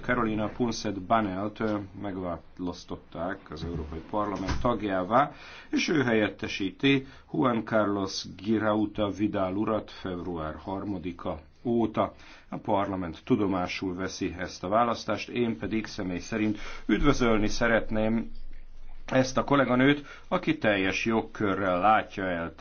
Carolina Punset Banelt megválasztották az Európai Parlament tagjává, és ő helyettesíti Juan Carlos Girauta Vidal urat február 3-a óta. A parlament tudomásul veszi ezt a választást, én pedig személy szerint üdvözölni szeretném ezt a kolléganőt, aki teljes jogkörrel látja el